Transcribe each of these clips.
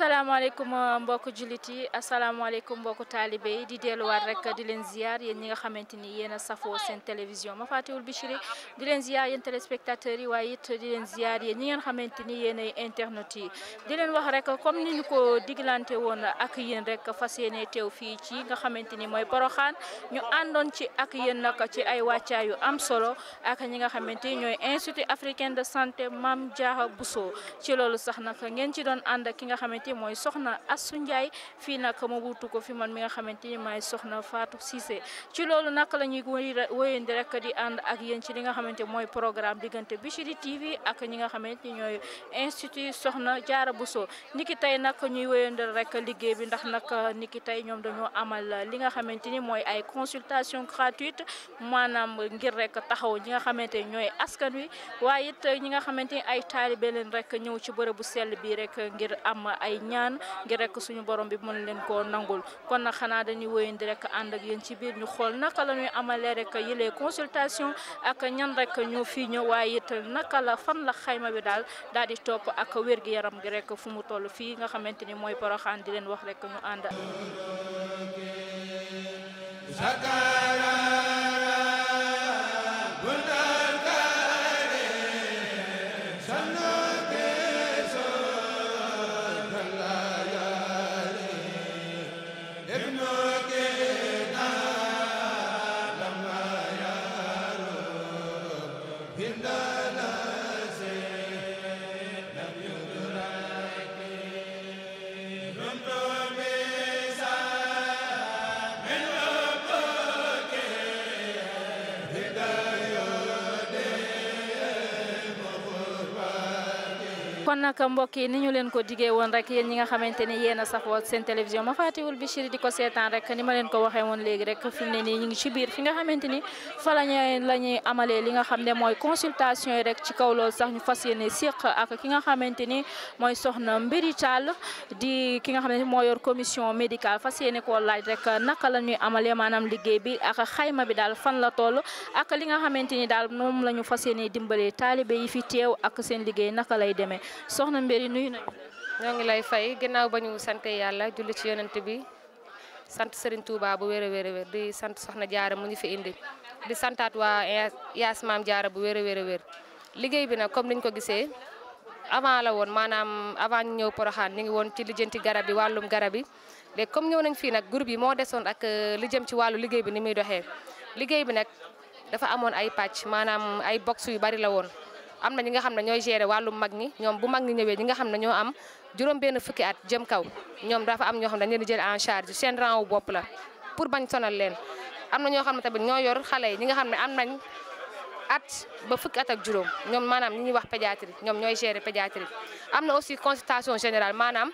asalaamaaleykum euh, mbokku jullit yi asalaamaaleykum mbokku taalibe yi di delluwaat rek di leen ziar yéen ñi nga xamante ni yéen a safoo seen télévision ma faatiwul Bichri di leen ziar yéen téléspectateurs yi waaye it di leen ziar yéen ñi ngeen xamante ni yéen internet yi di leen wax rek comme ni ñu ko diglante woon ak yéen rek fas yéene teew fii ci nga xamante ni mooy Poroxaan ñu àndoon ci ak yéen nag ci ay wàccaa yu am solo ak ñi nga xamante ni ñooy institut africain de santé Mame Diarra Bousso ci loolu sax nag ngeen ci doon ànd ki nga xamante xamante mooy soxna Astou Ndiaye fii nag ma wuutu ko fi man mi nga xamante ni maay soxna Fatou Cissé ci loolu nag la ñuy wéyandi rek di ànd ak yen ci li nga xamante mooy programme diggante Bichri TV ak ñi nga xamante ni ñooy institut soxna Diarra Bousso niki tey nag ñuy wéyandal rek liggéey bi ndax nag niki tey ñoom dañoo amal li nga xamante ni mooy ay consultation gratuite maanaam ngir rek taxaw ñi nga xamante ñooy askan wi waaye it ñi ay taalibe rek ñëw ci bërëbu sell bi rek ngir am ñaan ngir rek suñu borom bi mën leen koo nangul kon nag xanaa dañuy wéyandi rek ànd ak yéen ci biir ñu xool naka la ñuy amalee rek yëlee consultation ak ñan rek ñoo fii ñëw waaye it naka la fan la xayma bi daal daal di topp ak wér gi yaram gi rek fu mu toll fii nga xamante ni mooy Poroxaan di leen wax rekk ñu ànd. kon nag mbokk yi ni ñu leen ko digee woon rek yéen ñi nga xamante ni yéen a seen télévision ma faatiwul Bichri di ko seetaan rek ni ma leen ko waxee woon léegi rek fi mu ne nii ñu biir fi xamante ni fa la ñu la ñuy amalee li nga xam ne mooy consultation yi rek ci kaw sax ñu fas yéene séq ak ki nga xamante ni mooy soxna Mbiri Tall di ki nga xam ne moo yor commission médicale fas yéene laaj rek naka la ñuy amalee maanaam liggéey bi ak xayma bi daal fan la toll ak li nga xamante ni daal moom la ñu fas yéene dimbalee taalibe yi fi teew ak seen liggéey naka lay demee soxna Mbéri nuyu nañu ñoo ngi lay fay ginnaaw ba ñu sant yàlla julli ci yonent bi sant Serigne Touba bu wér a wér a wér di sant soxna jaara mu ñu fi indi di santaat waa yaas maam jaara bu wér a wér a wér liggéey bi nag comme niñ ko gisee avant la woon maanaam avant ñu ñëw Poroxaan ñu ngi woon ci lijjanti garab yi wàllum garab yi léegi comme ñëw nañ fii nag groupe yi moo desoon ak euh, li jëm ci wàllu liggéey bi ni muy doxee liggéey bi nag dafa amoon ay pàcc maanaam ay box yu bari la woon am na ñi nga xam ne ñooy gérer wàllum mag ñi ñoom bu mag ñi ñëwee ñi nga xam ne ñoo am juróom benn fukki at jëm kaw ñoom dafa am ñoo xam di jël en charge seen rang wu la pour bañ sonal leen am na ñoo xam ne ñoo yor xale yi ñi nga xam ne am nañ at ba fukki at ak juróom ñoom maanaam ñi ñuy wax pédiatrie ñoom ñooy gérer pédiatrie am na aussi consultation général maanaam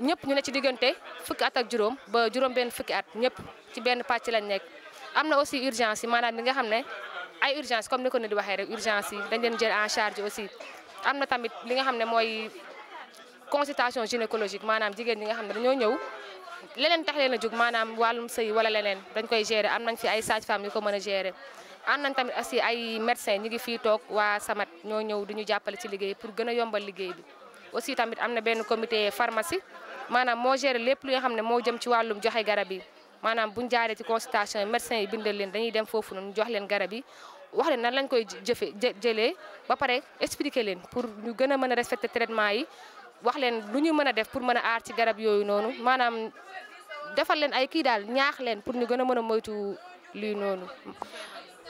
ñëpp ñu ne ci diggante fukki at ak juróom ba juróom benn fukki at ñëpp ci benn pàcc lañ nekk am na aussi urgence yi maanaam li nga xam ne ay urgence comme ni ko ni di waxee rek urgence yi dañ leen jël en charge aussi am na tamit li nga xam ne mooy consultation gynécologique maanaam jigéen ñi nga xam ne dañoo ñëw leneen tax leen a jóg maanaam wàllum sëy wala leneen dañ koy gérer am nañ fi ay sage-femme yu ko mën a gérer am nañ tamit aussi ay médecin ñi ngi fii toog waa Samat ñoo ñëw di ñu jàppale ci liggéey pour gën a yombal liggéey bi aussi tamit am na benn comité pharmacie maanaam moo gérer lép li nga xam ne moo jëm ci wàllum joxe garab yi maanaam buñ jaaree ci consultation yi yi bindal dañuy dem foofu noonu jox leen garab yi wax leen nan lañ koy jëfe jëlee ba pare expliquer leen pour ñu gën a mën a respecter traitement yi wax leen lu ñuy mën a def pour mën a aar ci garab yooyu noonu maanaam defal leen ay kii daal ñaax leen pour ñu gën a mën a moytu lii noonu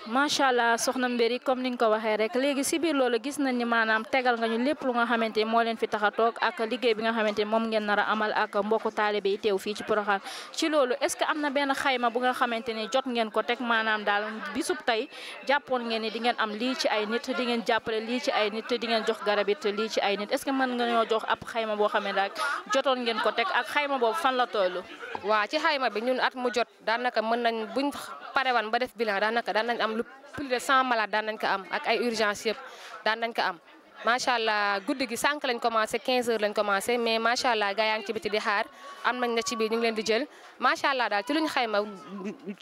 macha allah soxna Mbéri comme ni nga ko waxee rek léegi si biir loolu gis nañ ni maanaam tegal nga ñu lépp lu nga xamante ni moo leen fi tax a toog ak liggéey bi nga xamante ni moom ngeen nar amal ak mbokku taalibe yi teew fii ci Porokhane ci loolu est-ce que am na benn xayma bu nga xamante ni jot ngeen ko teg maanaam daal bisub tey jàppoon ngeen ni di ngeen am lii ci ay nit di ngeen jàppale lii ci ay nit di ngeen jox garab it lii ci ay nit est-ce que mën nga ñoo jox ab xayma boo xam ne daal jotoon ngeen ko teg ak xayma boobu fan la tollu waa ci xayma bi at mu jot daanaka mën nañ buñ pare wan ba def bilan daanaka daan nañ am lu plus de 100 malades daan nañ ko am ay urgence yëpp daan nañ ko am macha allah guddi gi sànq lañ commencé 15 heures lañ commencé mais macha allah gaa yaa ngi ci biti di xaar am nañ na ci biir ñu leen di jël macha allah daal ci luñ xayma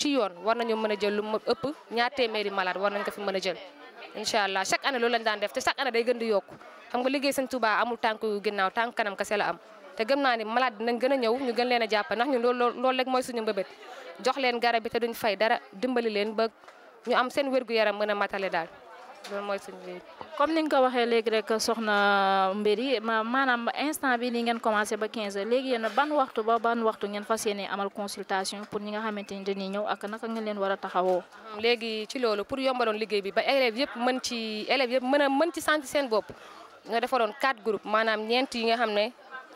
ci yoon war nañu mën a jël lu mu ëpp ñaar téeméeri malade war nañ ko fi mën a jël incha allah chaque année loolu lañ daan def te chaque année day gën di yokku xam nga liggéey Sëñ Tuubaa naa ni malade dinañ gën a ñëw ñu gën leen a jàpp ndax ñun loolu jox leen garab bi te duñ fay dara dimbali leen ba ñu am seen wér-gu-yaram mën a matale daal loolu mooy suñu léegi. comme ni nga ko waxee léegi rek soxna Mbéri maanaam instant bi nii commencé ba 15h léegi ban waxtu ba ban waxtu ngeen fa yéene amal consultation pour ñi nga xamante ni dañuy ñëw ak naka ngeen leen war a taxawoo. Hmm, léegi ci loolu pour yombaloon liggéey bi ba élèves yëpp mën ci élèves yëpp mën a mën ci sant seen bopp nga defaroon quatre groupes maanaam ñeent yi nga xam ne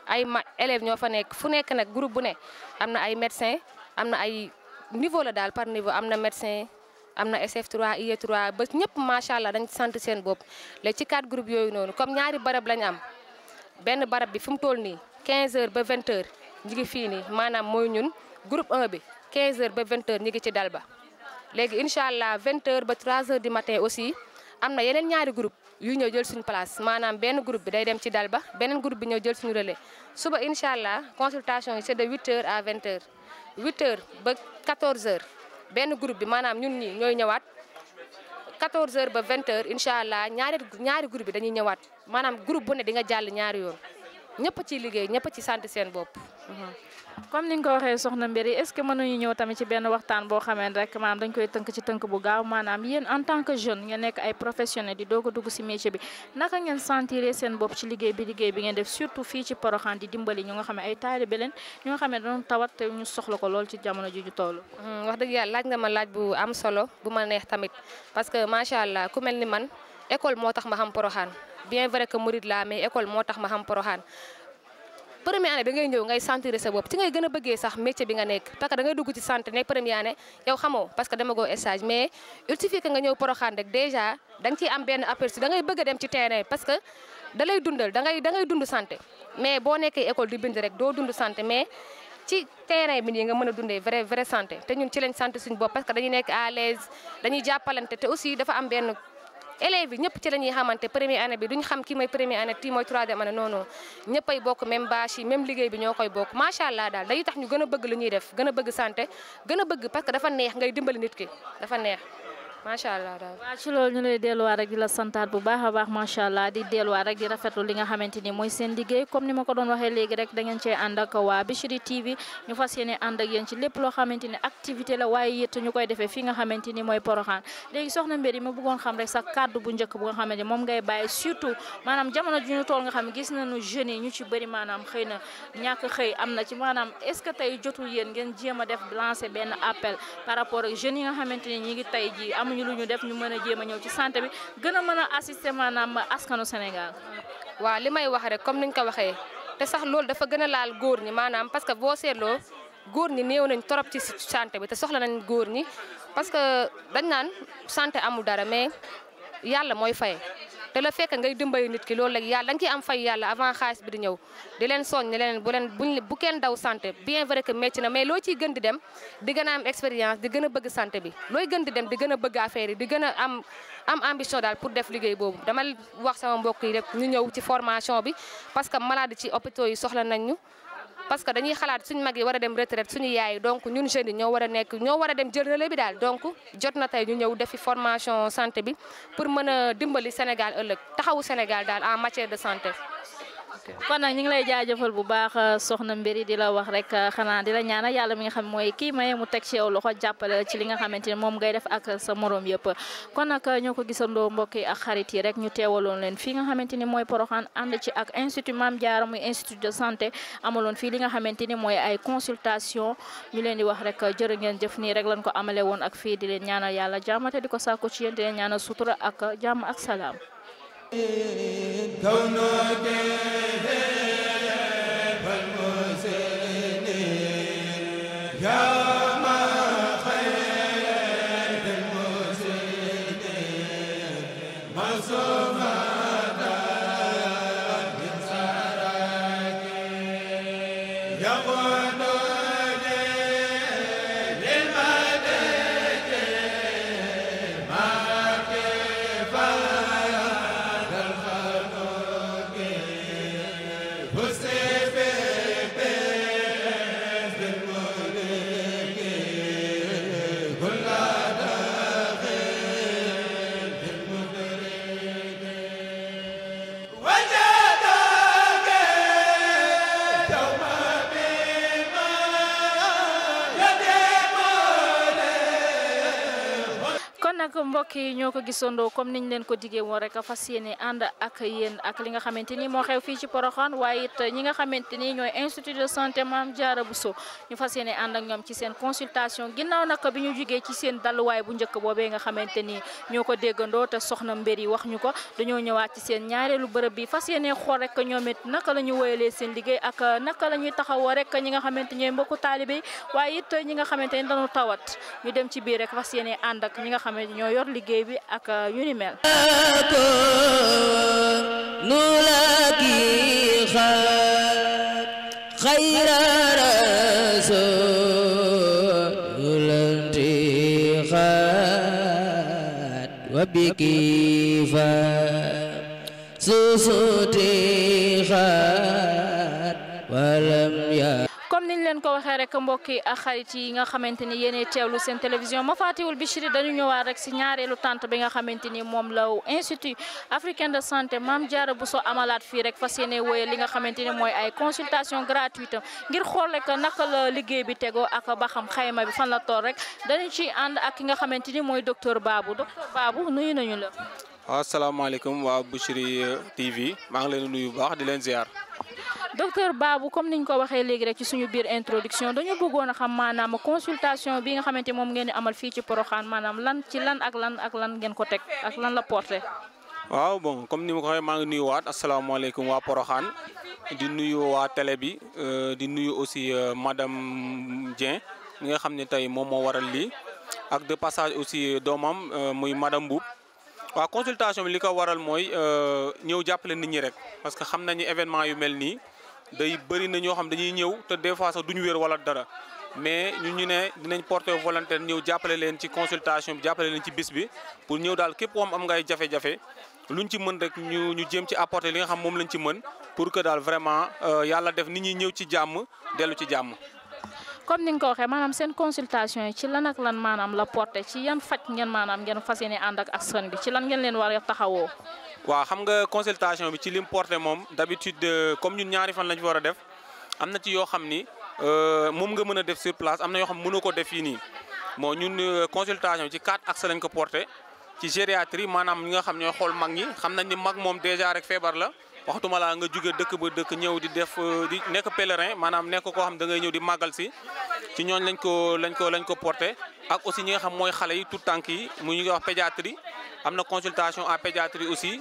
ay ma élèves ñoo fa nekk fu nekk nag groupe bu ne am na ay médecins. am na ay niveau la daal par niveau am na médecin am na SF3 IE3 ba ñëpp macha allah dañ sant seen bopp léegi ci quatre group yooyu noonu comme ñaari barab lañ am benn barab bi fu mu toll nii 15 heures ba 20 heures ñu ngi fii nii maanaam mooy ñun groupe 1 bi 15 heures ba 20 heures ñu ngi ci dal ba léegi incha allah 20 heures ba 3 heures du matin aussi am na yeneen ñaari group yu ñëw jël suñu place maanaam benn groupe bi day dem ci dal ba beneen groupe bi ñëw jël suñu relais suba incha allah consultation yi c'est de 8 heures à huit heures ba quatorze heures benn group bi maanaam ñun ñi ñooy ñëwaat quatorze heures ba vingt heures incha allah ñaari ñaari groupe bi dañuy ñëwaat maanaam groupe bu ne di nga jàll ñaari yoon. ñëpp ci liggéey ñëpp ci sant seen bopp. Mhm. comme ni nga waxee soxna Mbéri est-ce que mënuñu ñëw tamit ci benn waxtaan boo xamee rek koy tënk ci tënk en tant que jeune ngeen nekk ay professionnels di doog a dugg si métier bi naka ngeen sentir seen bopp ci liggéey bi liggéey bi ngeen def surtout fii ci Porokhane di xam ne ay taalibe leen ñu nga xam lool ci jamono ji ñu toll. Mhm, wax dëgg yàlla laaj nga ma laaj bu am solo bu ma neex tamit parce que macha allah ku mel ni man école moo tax ma xam Porokhane bien vrai que murid la mais école moo tax ma xam poroxaan première année bi ngay ñëw ngay sentir sa bopp ci ngay gën a bëggee sax métier bi nga nekk parce que da ngay dugg ci santé nekk première année yow xamoo parce que dama goo stage mais il suffit que nga ñëw am benn aperçu da ngay dem ci terrain parce que da lay dundal dangay da ngay dund santé mais boo nekkee école di bind rek doo dund santé mais ci terrain bi nii nga mën a dundee vrai vrai santé te ñun ci lañ santé suñu bopp parce que dañu nekk à l'aise dañuy jàppalante te aussi dafa am benn élèves yi ñëpp ci la ñuy xamante première année bi duñ xam ki mooy première année ti mooy troisième année non bokk même bâche yi liggéey bi ñoo koy bokk macha allah daal dañuy tax ñu gën a bëgg lu ñuy def gën a bëgg santé gën a bëgg parce que dafa neex ngay dimbali nit ki dafa neex macha allah daal waaw ci loolu ñu lay delluwaat rek di la santaat bu baax a baax macha allah di delluwaat rek di rafetlu li nga xamante ni mooy seen liggéey comme ni ma ko doon waxee léegi rek da ngeen cee ànd ak waa Bichri TV ñu fas yéene ànd ak yéen ci lépp loo xamante activité la ma bëggoon moom ngay bàyyi surtout maanaam jamono ju ñu tool nga xam gis nañu jeunes yi ñu ci bëri maanaam xëy na ñàkk xëy am na ci maanaam est ce que tey jotul yéen ngeen jéem a def lancer benn appel par rapport yi nga xamante ni amuñu lu ñu def ñu mën a jéem a ñëw ci santé bi gën a mën a assister maanaam askanu Sénégal. waaw li may wax rek comme niñ ko waxee te sax loolu dafa gën a laal góor ñi maanaam parce que boo seetloo góor ñi néew nañ torop ci santé bi te soxla nañ góor ñi parce que dañ naan sante amul dara mais yàlla mooy faye te la fekk ngay dimbali nit ki loolu la yàlla da nga ciy am fay yàlla avant xaalis bi di ñëw di leen soñ leen bu leen bu kenn daw santé bien vrai que métti na mais loo ciy gën di dem di gën a am expérience di gën a bëgg sante bi looy gën di dem di gën a bëgg affaire yi di gën a am am ambition daal pour def liggéey boobu dama wax sama mbokk yi rek ñu ñëw ci formation bi parce que malade ci hôpitaux yi soxla nañ ñu parce que dañuy xalaat suñ mag yi war a dem retraite suñu yaay donc ñun jeunes yi ñoo war a nekk ñoo war a dem jël relais bi daal donc jot na tey ñu ñëw defi formation santé bi pour mën a dimbali Sénégal ëllëg taxawu Sénégal daal en matière de santé. kon nag ñu ngi lay jaajëfal bu baax euh, soxna mbiri di la wax rek euh, xanaa di la ñaana yàlla mi nga xam mooy kii maye mu teg ci yow loxo jàppale ci li nga xamante ni moom ngay def ak sa morom yëpp kon nag euh, ñoo ko gisandoo mbokk yi ak xarit yi rek ñu teewaloon leen fii nga xamante ni mooy Poroxaan ànd ci ak institut Mame Diarra muy institut de santé amaloon fii li nga xamante ni mooy ay consultation ñu leen di wax rek jërë ngeen jëf nii rek lañ ko amale woon ak fii di leen ñaanal yàlla jàmmate di ko saako ci yéen ñaana leen ñaanal ak jàmm ak salaam كونك mbokk yi ñoo ko gisandoo comme niñ leen ko digee woon a fas yéene ànd ak yéen ak li nga xamante ni moo xew fii ci Porokhane waaye it ñi nga xamante ni ñooy institut de santé Mame Diarra Bousso ñu fas yéene ànd ak ñoom ci seen consultation ginnaaw nag bi ñu ci seen dalluwaay bu njëkk boobee nga xamante ni ñoo ko déggandoo te soxna mbir yi wax ñu ko dañoo seen ñaareelu bërëb bi fas yéene xool la ñu woyalee ak naka rek ñi nga xamante ñooy mbokku taalibe waaye it ñi nga xamante ni dañu tawat ñu dem ci biir rek fas liggéey bi ak euh, yu ni mel. su su ti xaat walam ya leen ko waxee rek mbokki ak xarit yi nga xamante ni yéenay lu seen télévision Mafatihul Bichri dañu ñëwaat rek si ñaareelu tànt bi nga xamante ni moom la institut africain de santé Mame bu Bousso amalaat fii rek fa yéene wooye li nga xamante ni mooy ay consultation gratuite ngir xool rek naka la liggéey bi tegoo ak ba xam xayma bi fan la tool rek dañu ciy ànd ak ki nga xamante ni mooy docteur Babou docteur Babou nuyu nañu la. waaw asalaamaaleykum waa Bichri maa ngi leen nuyu bu di leen ziar. docteur baabu comme ni niñ ko waxee léegi rek ci suñu biir introduction dañu bëggoon a xam maanaam consultation bi nga xamante moom ngeen di ci Porokhane maanaam lan ci lan ak lan ak lan ngeen ko teg ak lan la porté. waaw bon comme ni ma ko maa ngi nuyuwaat asalaamaaleykum waa Porokhane di nuyu waa télé bi euh, di nuyu aussi euh, madame Dieng mi nga xam ne tey moom moo waral lii ak de passage aussi euh, doomam muy madame Mboup waaw consultation bi li ko waral mooy ñëw jàppale nit ñi rek parce que xam nañu événement yu mel nii. day bëri na ñoo xam dañuy ñëw te des fois sax duñu wér wala dara mais ñu ñu ne dinañ porter volontaire ñëw jàppale leen ci consultation bi jàppale leen ci bis bi pour ñëw daal képp koo xam am ngay jafe-jafe luñ ci mën rek ñu ñu jéem ci apporter li nga xam moom lañ ci mën pour que daal vraiment euh, yàlla def nit ñi ñëw ci jàmm dellu ci jàmm. comme ni nga ko waxee maanaam seen consultation yi ci lan lan maanaam la porté ci yan faj ngeen maanaam ngeen fas yéene ànd ak askan bi ci lan ngeen leen war a taxawoo. waaw xam nga consultation bi ci lim porté moom d'habitude euh, comme ñun ñaari fan lañ fi war a def am na ci yoo xam ni euh, moom nga mën a def sur place am na yoo xam mënoo ko def fii nii bon ñun euh, consultation ci kaat ak lañ ko porté ci gériatrie maanaam ñi nga xam ñooy xool mag ñi xam nañ ni mag moom déjà rek feebar la. waxtuma laa nga jóge dëkk ba dëkk ñëw di def euh, nekk pèlerin maanaam nekk koo xam da ñëw di màggal si ci ñooñ lañ ko lañ ko lañ ak aussi ñi nga xam mooy xale yi tout tànk yi mu ñu ngi wax pédiatrie am na consultation en pédiatrie aussi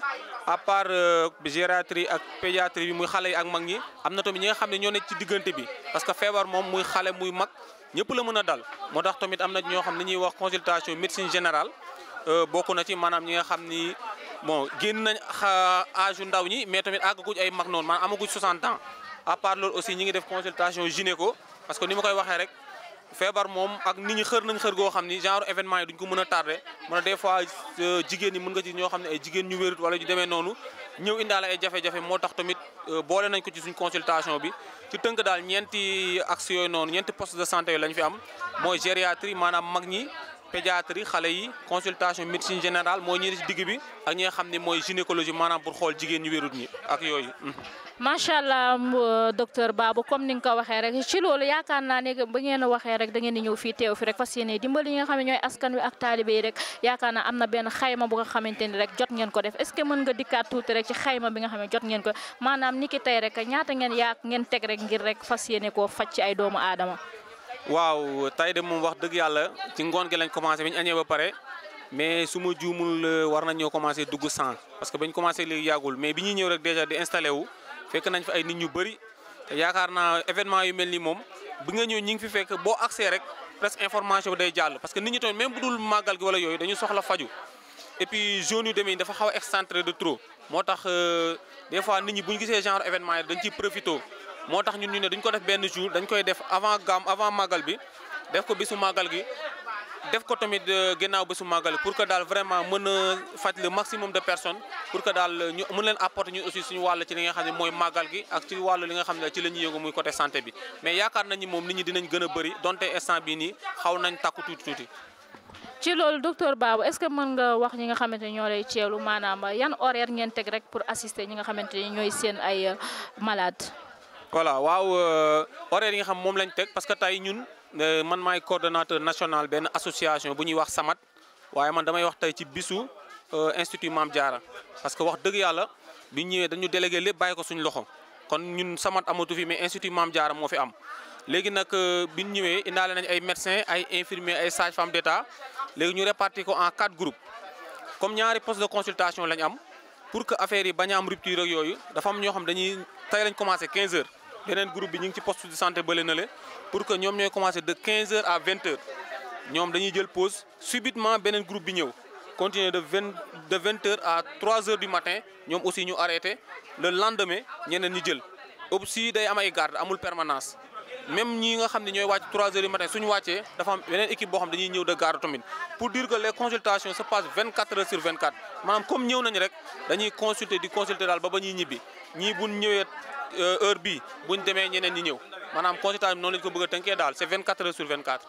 à part euh, gériatrie ak pédiatrie bi muy xale yi ak mag ñi am na tamit ñi nga xam ne ñoo nekk ci diggante bi parce que feebar moom muy xale muy mag ñëpp la mën a dal moo tax tamit am na ñoo xam ne ñuy wax consultation médecine générale euh, bokk na xam ni bon génn nañ âge yu ndaw ñi mais tamit àggaguñ ay mag noonu maanaam amaguñ 60 ans à part loolu aussi ñi ngi def consultation gynéco parce que ni ma koy waxee rek feebar moom ak nit ñi xër nañ xër goo xam ni genre événement yi duñ ko mën a tardé mën a des fois euh, jigéen ñi mën nga ci ñoo xam ne ay jigéen ñu wérut wala ñu demee noonu ñëw indaale ay jafe-jafe moo tax tamit euh, boole nañ ko ci suñ consultation bi ci tënk daal ñeenti axe yooyu noonu ñeenti poste de santé yooyu lañ fi am mooy gériatrie maanaam mag ñi pédiatrie xale yi consultation médecine générale moo ñi digg bi ak ñi nga xam ne mooy gynécologie maanaam pour xool jigéen ñu wérut yooyu. macha allah euh, docteur Babou comme ni nga ko waxee rek ci loolu yaakaar naa ne ba ngeen a waxee rek da ngeen di ñëw fii teew fi rek fas yéene dimbali nga xam ne ñooy askan wi ak taalibe yi rek yaakaar na am na benn xayma bu nga xamante ni rek jot ngeen ko def est-ce que mën nga dikkaat tuuti rek ci xayma bi nga xam ne jot ngeen ko maanaam ni ki tey rek ñaata ngeen yaak ngeen teg rek ngir rek fas yéene koo faj ci ay doomu aadama waaw tey de moom wax dëgg yàlla ci ngoon gi lañ commencé bi ñu añee ba pare mais su ma juumul euh, war nañoo commencé dugg sang parce que bañ commencé léegi yàggul mais bi ñuy ñëw rek déjà di installé wu fekk nañ fa ay nit ñu bëri te yaakaar naa événement yu mel nii moom bi nga ñëw ñi ngi fi fekk boo accès rek presque information bi day jàll parce que nit ñi tamit même bu dul màggal gi wala yooyu dañu soxla faju et puis zone yu demee dafa xaw a de trop moo tax euh, des fois nit ñi bu ñu gisee genre événement yi dañ ciy profité moo tax ñun ñu ne dañ ko def benn jour dañ koy def avant gam avant màggal bi def ko bisu màggal gi def ko tamit euh, ginnaaw bisu màggal pour que daal vraiment mën a faj le maximum de personne pour que daal ñu mën leen apporter ñun suñu wàll ci li nga xam ne mooy màggal gi ak ci li nga xam ne ci la muy côté santé bi mais yaakaar nañ ni moom nit ñi dinañ gën a bëri donte instant bii nii xaw nañ takku tuuti tuuti. ci loolu docteur Babou est-ce que mën nga wax ñi nga xamante ni ñoo lay teewlu maanaam euh, yan horaire ngeen teg rek pour ñi nga xamante ni ñooy seen ay euh, malade voilà waaw euh, horaire yi nga xam moom lañ teg parce que tey ñun euh, man maay coordonnateur national benn association bu ñuy wax Samat waaye man damay wax tey ci bisu euh, institut Maam Diarra parce que wax dëgg yàlla bi ñëwee dañu délégué lépp bàyyi ko suñu loxo kon ñun Samat amatu fi mais institut Maam Diarra moo fi am. léegi nag bi ñu ñëwee indaale nañ ay médecins ay infirmiers ay sages-femmes d'État léegi ñu répartir ko en quatre groupes comme ñaari poste de consultation lañ am pour que affaire yi bañ a am rupture yooyu dafa am ñoo xam dañuy tey lañ commencé 15 heures. beneen groupe bi ñu ngi ci poste de santé bële na le pour que ñoom ñooy commencé de 15 heures à 20 heures ñoom dañuy jël pause subitement beneen groupe bi ñëw continuer de 20 de 20 heures à 3 heures du matin ñoom aussi ñu arrêté le lendemain ñeneen ñi jël aussi day am ay garde amul permanence même ñi nga xam ne ñooy wàcc 3 heures du matin suñu wàccee dafa am beneen équipe boo xam dañuy ñëw de garde tamit pour dire que les consultations se passent 24 heures sur 24 maanaam ba ba ñuy ñii buñ ñëwee euh, heure bii buñ demee ñeneen ñi ñëw maanaam constat bi noonu lañu ko bëgg a tënkee daal c'est 24 heures sur 24.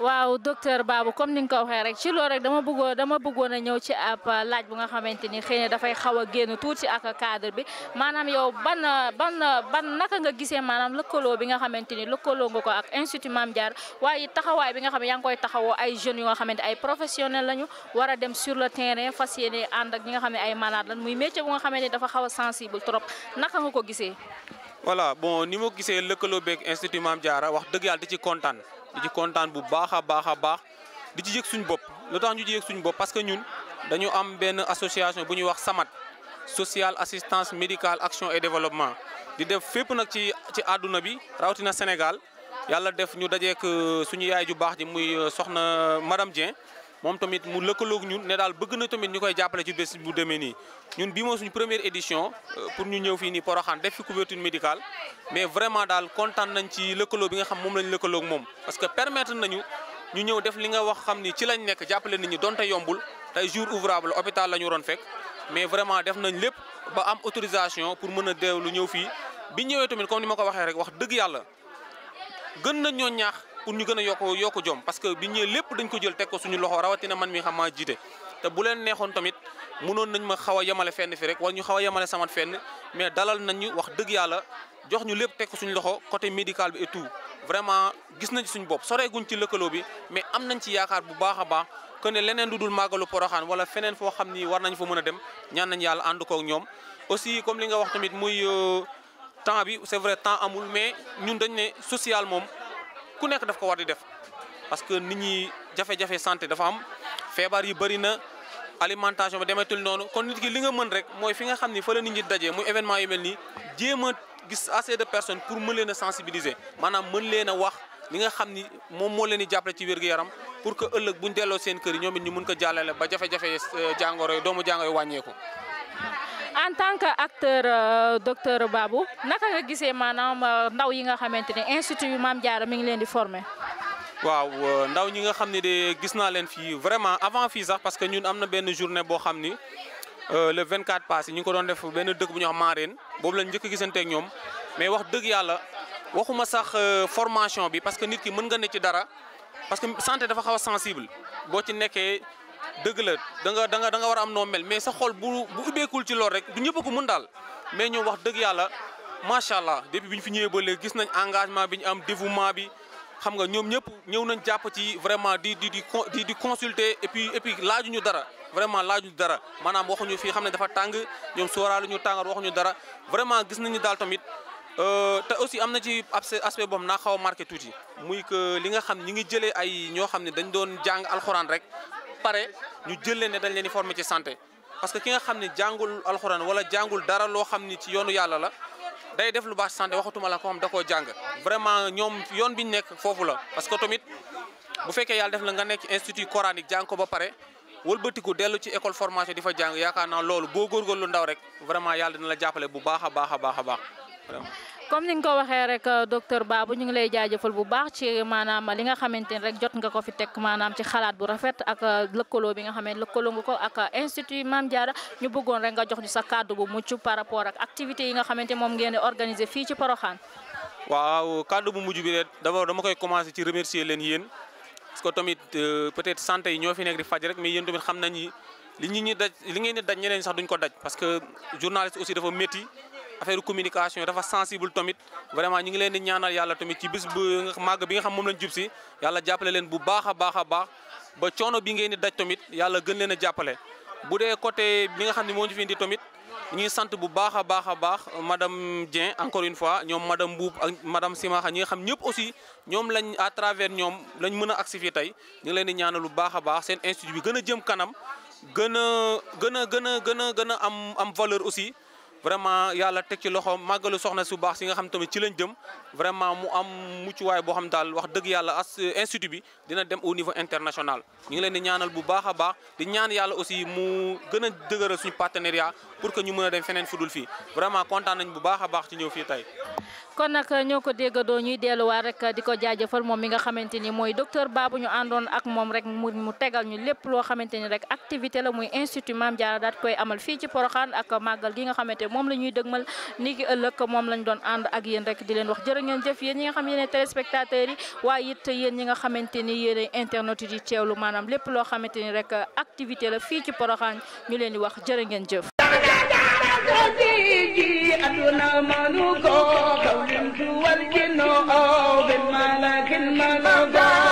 waaw docteur Babou comme ni nga ko waxee rek ci loolu rek dama bëggoon dama bëggoon a ñëw ci ab laaj bu nga xamante ni xëy na dafay xaw a génn tuuti ak cadre bi maanaam yow ban ban ban naka nga gisee maanaam lëkkaloo bi nga xamante ni lëkkaloo nga ko ak institut Mame Diarra waaye taxawaay bi nga xam ne yaa ngi koy taxawoo ay jeunes yu nga xamante ay professionnels lañu war a le terrain fas yéene ànd ñi nga xam ne ay malade lan muy métier bu nga xamante ni dafa xaw a sensible trop naka nga ko gisee. voilà bon ni ma gisee lëkkaloo beeg institut Maam Diarra wax dëgg yàlla ci kontaan di ci kontaan bu baax a baax a baax di ci yëg suñu bopp lu tax ñu ci suñu bopp parce que ñun dañu am benn association bu ñuy wax SAMAT social assistance médicale action et développement di def fépp nag ci ci àdduna bi rawatina Sénégal yàlla def ñu dajeek euh, suñu yaay ju baax ji muy euh, soxna madame Dieng moom tamit mu lëkkaloog ñun ne daal bëgg na tamit ñu koy jàppale ci bés bu demee nii ñun bii mooy suñu première édition euh, pour ñu ñëw fii nii Porokhane def fi couverture médicale mais vraiment daal kontaan nañ ci lëkkaloo bi nga xam moom lañ lëkkaloog moom parce que permettre nañu ñu ñëw def li nga wax xam ni ci lañ nekk jàppale nit ñi donte yombul te jour ouvrable hôpital la ñu waroon fekk mais vraiment def nañ lépp ba am autorisation pour mën a lu ñëw fii bi ñëwee tamit comme ni ma ko waxee rek wax dëgg yàlla gën nañ ñoo ñaax pour ñu gën a yokk yokk jom parce que bi ñëwee lépp dañ ko jël teg ko suñu loxo rawatina man mi xam jiite te bu leen neexoon tamit mënoon nañ ma xaw a yemale fenn fi rek wala ñu xaw a yemale samat fenn mais dalal nañu wax dëgg yàlla jox ñu lépp teg suñu loxo côté médical bi et vraiment gis nañ suñu bopp soreeguñ ci lëkkaloo bi mais am nañ ci yaakaar bu baax a baax que ne leneen lu dul màggalu poroxaan wala feneen foo xam ni war nañ fa mën a dem ñaan nañ yàlla ànd koog ñoom aussi comme li nga wax tamit muy euh, temps bi c'est vrai temps amul mais ñun dañ ne social moom ku nekk daf ko war di def parce que nit ñi jafe-jafe santé dafa am feebar yi bëri na alimentation bi demetul noonu kon nit ki li nga mën rek mooy fi nga xam ni fa la nit ñi dajee muy événement yu mel ni jéem a gis assez de personne pour mën leen a sensibiliser maanaam mën leen a wax li nga xam ni moom moo leen di jàppale ci wér-gu-yaram pour que ëllëg buñ delloo seen kër yi ñoom it ñu mën ko jàllale ba jafe-jafe euh, jàngoro yi doomu jàngoro yi wàññeeku. en tant que acteur euh, docteur baabu naka nga gisee maanaam euh, ndaw yi nga xamante ne institut Mame Diarra mi ngi leen di former. waaw euh, ndaw ñi nga xam ni de gis naa leen fii vraiment avant fii sax parce que ñun am na benn journée boo xam ni le 24 passé ñu ngi ko doon def benn dëkk bu ñu wax Marène boobu la njëkk a ñoom mais wax dëgg yàlla waxuma sax formation bi parce que nit ki mën nga ne ci dara parce que santé dafa xaw a sensible boo ci nekkee. dëgg la da nga da nga da nga war a am noo mel mais sa xol bu bu ubbeekul ci loolu rek du ñëpp ko mën daal mais ñoom wax dëgg yàlla macha allah depuis bi ñu fi ñëwee ba léegi gis nañ engagement bi ñu am dévouement bi xam nga ñoom ñëpp ñëw nañ jàpp ci vraiment di di di di consulter et puis et puis dara vraiment laajuñu dara maanaam waxuñu fii xam ne dafa tàng ñoom sóoraalu ñu tàngal waxuñu dara vraiment gis nañu daal tamit euh, te aussi am na ci aspect boobu naa xaw a tuuti muy que li nga xam ñi ngi jëlee ay ñoo xam ne dañ doon jàng alxuraan rek pare ñu jël leen ne dañ leen di former ci santé parce que ki nga xam ne jàngul alxuraan wala jàngul dara loo xam ni ci yoonu yàlla la day def lu baax santé waxatuma la ko xam da koo jàng vraiment ñoom yoon bi ñu nekk foofu la parce que tamit bu fekkee yàlla def la nga nekk institut coranique jàng ko ba pare wëlbatiku dellu ci école formation di fa jàng yaakaar naa loolu boo góorgóorlu ndaw rek vraiment yàlla dina la jàppale bu baax a baax a baax a baax comme ni nga ko waxee rek euh, docteur baabu ñu ngi lay jaajëfal bu baax ci maanaam li nga xamante ni rek jot nga ko fi teg maanaam ci xalaat bu rafet ak euh, lëkkaloo bi nga xam ne lëkkaloo nga ko ak euh, institut Mame Diarra ñu bëggoon rek nga jox ñu sa kàddu bu mucc par rapport ak activité yi nga xamante moom ngeen di organiser fii ci Porokhane. waaw kàddu bu mujj bi rek d'abord dama koy commencer ci remercier leen yéen parce que tamit peut-être santé yi ñoo fi nekk di faj rek mais yéen tamit xam nañ li ñu ñu daj li ngeen di daj ñeneen sax duñ ko daj parce que journaliste aussi dafa métti. affaire communication dafa sensible tamit vraiment ñu ngi leen di ñaanal yàlla tamit ci bis bu màgg bi nga xam moom lañ jub si yàlla jàppale leen bu baax a baax a baax ba coono bi ngeen di daj tamit yàlla gën leen a jàppale bu dee côté bi nga xam ne moo ñu fi indi tamit ñu ngi sant bu baax a baax a baax madame Dieng encore une fois ñoom madame Mbuub ak madame Simaxa ñi nga xam ñëpp aussi ñoom lañ à travers ñoom lañ mën a agsi fii tey ñu ngi leen di ñaanal bu baax a baax seen institut bi gën a jëm kanam gën a gën a gën a gën a gën a am am valeur aussi vraiment yàlla teg ci loxo màggalu soxna su baax si nga xam tamit ci lañ jëm vraiment mu am muccuwaay boo xam daal wax dëgg yàlla as institut bi dina dem au niveau international. ñu ngi leen di ñaanal bu baax a baax di ñaan yàlla aussi mu gën a dëgëral suñu partenariat pour que ñu mën a dem feneen fudul fii vraiment kontaan nañ bu baax a baax ci ñëw fii tey. kon nag ñoo ko déggandoo ñuy delluwaat rek di ko jaajëfal moom mi nga xamante ni mooy docteur baabu ñu àndoon ak moom rek mu mu tegal ñu lépp loo xamante ni rek activité la muy institut Mame daal koy amal fii ci Porokhane ak màggal gi nga xamante moom la ñuy dëgmal ni ki moom lañ doon ànd ak yéen rek di leen wax jërë ngeen jëf yéen ñi nga xam yéen téléspectateurs yi waaye it yéen ñi nga xamante ni yéen internet yi di teewlu maanaam lépp loo xamante ni rek activité la fii ci Porokhane ñu leen di wax jërë ngeen jëf àdduna mënu ko xawlim tuwal ginnaaw oh, bin malakin mënu ko